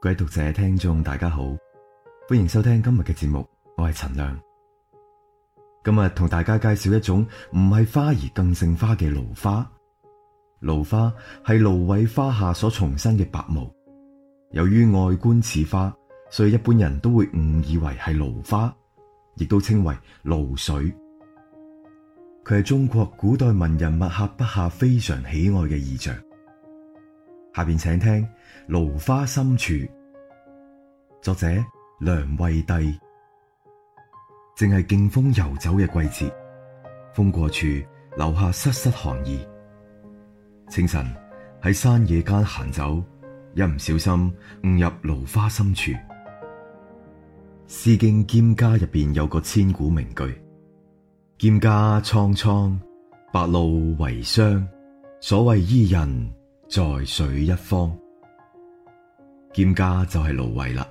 各位讀者、聽眾大家好，歡迎收聽今日嘅節目，我係陳亮。今日同大家介紹一種唔係花而更勝花嘅蘆花。蘆花係蘆葦花下所重生嘅白毛，由於外觀似花，所以一般人都會誤以為係蘆花，亦都稱為蘆水。佢係中國古代文人墨客筆下非常喜愛嘅意象。下面請聽蘆花深處。作者梁惠帝，正係勁風游走嘅季節，風過處留下瑟瑟寒意。清晨喺山野間行走，一唔小心誤入蘆花深處。詩經蒹葭入邊有個千古名句：蒹葭蒼蒼，白露為霜。所謂伊人在水一方。蒹葭就係蘆葦啦。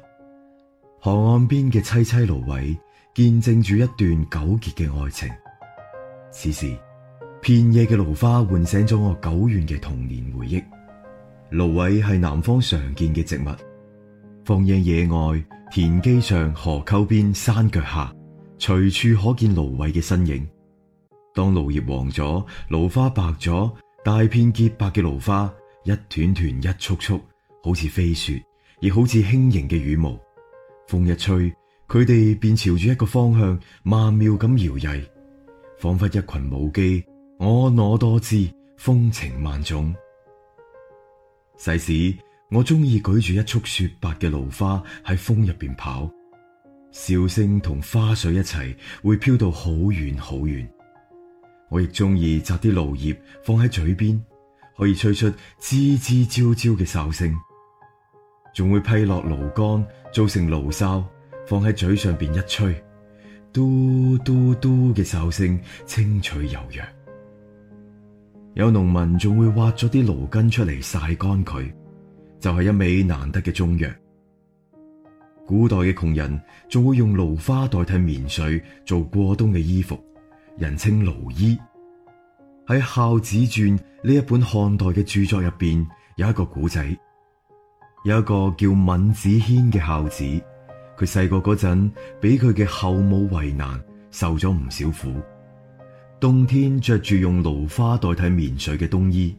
河岸邊嘅萋萋蘆葦見證住一段糾結嘅愛情。此時，遍野嘅蘆花喚醒咗我久遠嘅童年回憶。蘆葦係南方常見嘅植物，放眼野外、田基上、河溝邊、山腳下，隨處可見蘆葦嘅身影。當蘆葉黃咗，蘆花白咗，大片潔白嘅蘆花一團團、一簇簇，好似飛雪，亦好似輕盈嘅羽毛。風一吹，佢哋便朝住一個方向曼妙咁搖曳，仿彿一群舞姬婀娜多姿，風情萬種。細時我中意舉住一束雪白嘅蘆花喺風入邊跑，笑聲同花絮一齊會飄到好遠好遠。我亦中意摘啲蘆葉放喺嘴邊，可以吹出吱吱啾啾嘅哨聲。仲會批落蘆竿，做成蘆哨，放喺嘴上邊一吹，嘟嘟嘟嘅哨聲清脆柔弱。有農民仲會挖咗啲蘆根出嚟曬乾佢，就係、是、一味難得嘅中藥。古代嘅窮人仲會用蘆花代替棉絮做過冬嘅衣服，人稱蘆衣。喺《孝子傳》呢一本漢代嘅著作入邊，有一個古仔。有一個叫閔子騫嘅孝子，佢細個嗰陣俾佢嘅後母為難，受咗唔少苦。冬天着住用蘆花代替棉絮嘅冬衣，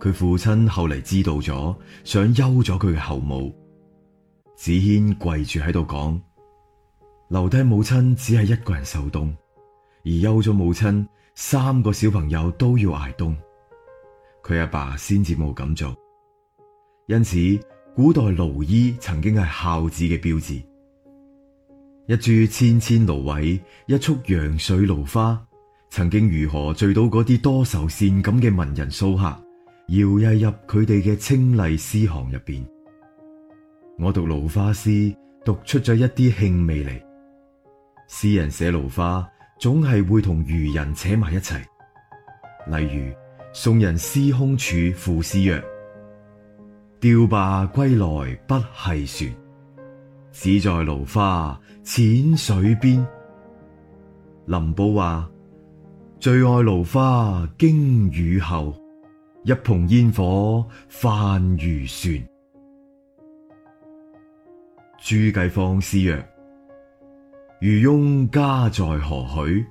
佢父親後嚟知道咗，想休咗佢嘅後母。子騫跪住喺度講：留低母親只係一個人受凍，而休咗母親，三個小朋友都要挨凍。佢阿爸先至冇咁做。因此，古代蘆衣曾經係孝子嘅標誌。一株纖纖蘆葦，一束楊水蘆花，曾經如何聚到嗰啲多愁善感嘅文人騷客，搖曳入佢哋嘅清麗詩行入邊。我讀蘆花詩，讀出咗一啲興味嚟。詩人寫蘆花，總係會同漁人扯埋一齊。例如，宋人司空處賦詩曰。釣罷歸來不繫船，只在蘆花淺水邊。林逋話：最愛蘆花經雨後，一蓬煙火泛漁船。朱繼芳詩曰：漁翁家在何許？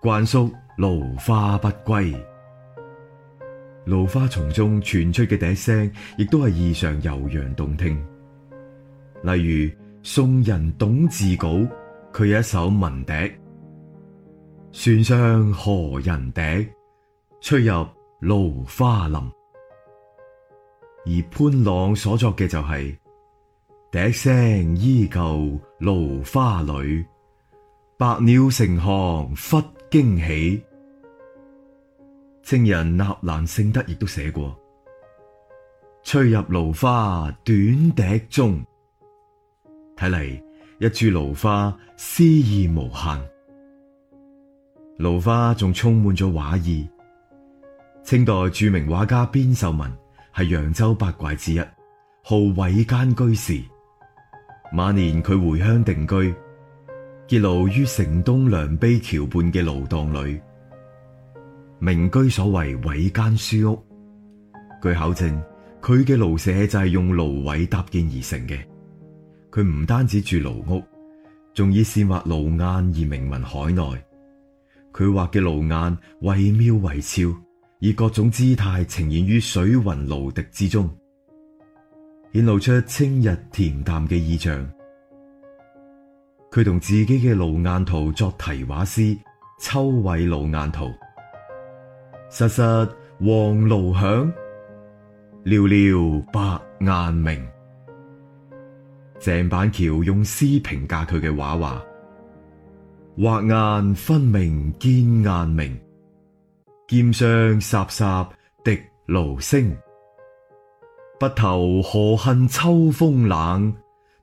慣宿蘆花不歸。蘆花叢中傳出嘅笛聲，亦都係異常悠揚動聽。例如，宋人董志稿，佢有一首文笛：船上何人笛，吹入蘆花林。而潘阆所作嘅就係、是、笛聲依舊蘆花裏，白鳥成行忽驚起。聖人納蘭性德亦都寫過：吹入蘆花短笛中，睇嚟，一株蘆花詩意無限。蘆花仲充滿咗畫意。清代著名畫家邊壽民係揚州八怪之一，號葦間居士。晚年佢回鄉定居，結廬於城東梁陂橋畔嘅蘆蕩裏。名居所為葦間書屋，據考證，佢嘅蘆舍就係用蘆葦搭建而成嘅。佢唔單止住蘆屋，仲以善畫蘆雁而名聞海內。佢畫嘅蘆雁惟妙惟肖，以各種姿態呈現於水雲蘆笛之中，顯露出清逸恬淡嘅意象。佢同自己嘅蘆雁圖作題畫詩《秋葦蘆雁圖》。時時黃蘆響，寥寥白雁鳴。鄭板橋用詩評價佢嘅畫話：畫雁分明見雁明，劍上颯颯滴蘆聲。不投何恨秋風冷，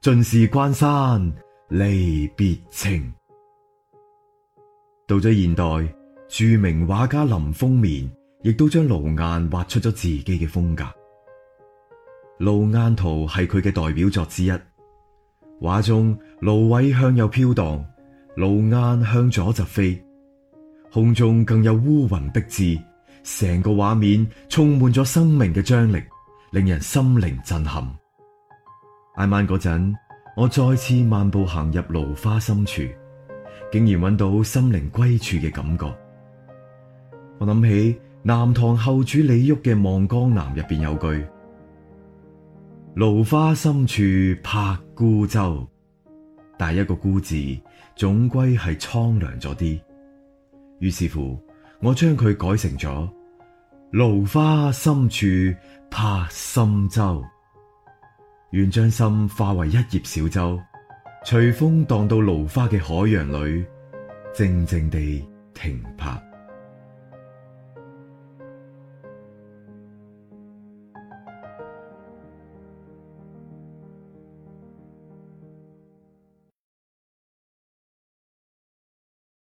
盡是關山離別情。到咗現代。著名畫家林風眠亦都將蘆雁畫出咗自己嘅風格。蘆雁圖係佢嘅代表作之一。畫中蘆葦向右飄蕩，蘆雁向左疾飛，空中更有烏雲逼至，成個畫面充滿咗生命嘅張力，令人心靈震撼。挨晚嗰陣，我再次漫步行入蘆花深處，竟然揾到心靈歸處嘅感覺。我諗起南唐後主李煜嘅《望江南》入邊有句：蘆花深處拍孤舟，但一個孤字總歸係蒼涼咗啲。於是乎，我將佢改成咗：蘆花深處拍心舟，願將心化為一葉小舟，隨風蕩到蘆花嘅海洋裏，靜靜地停泊。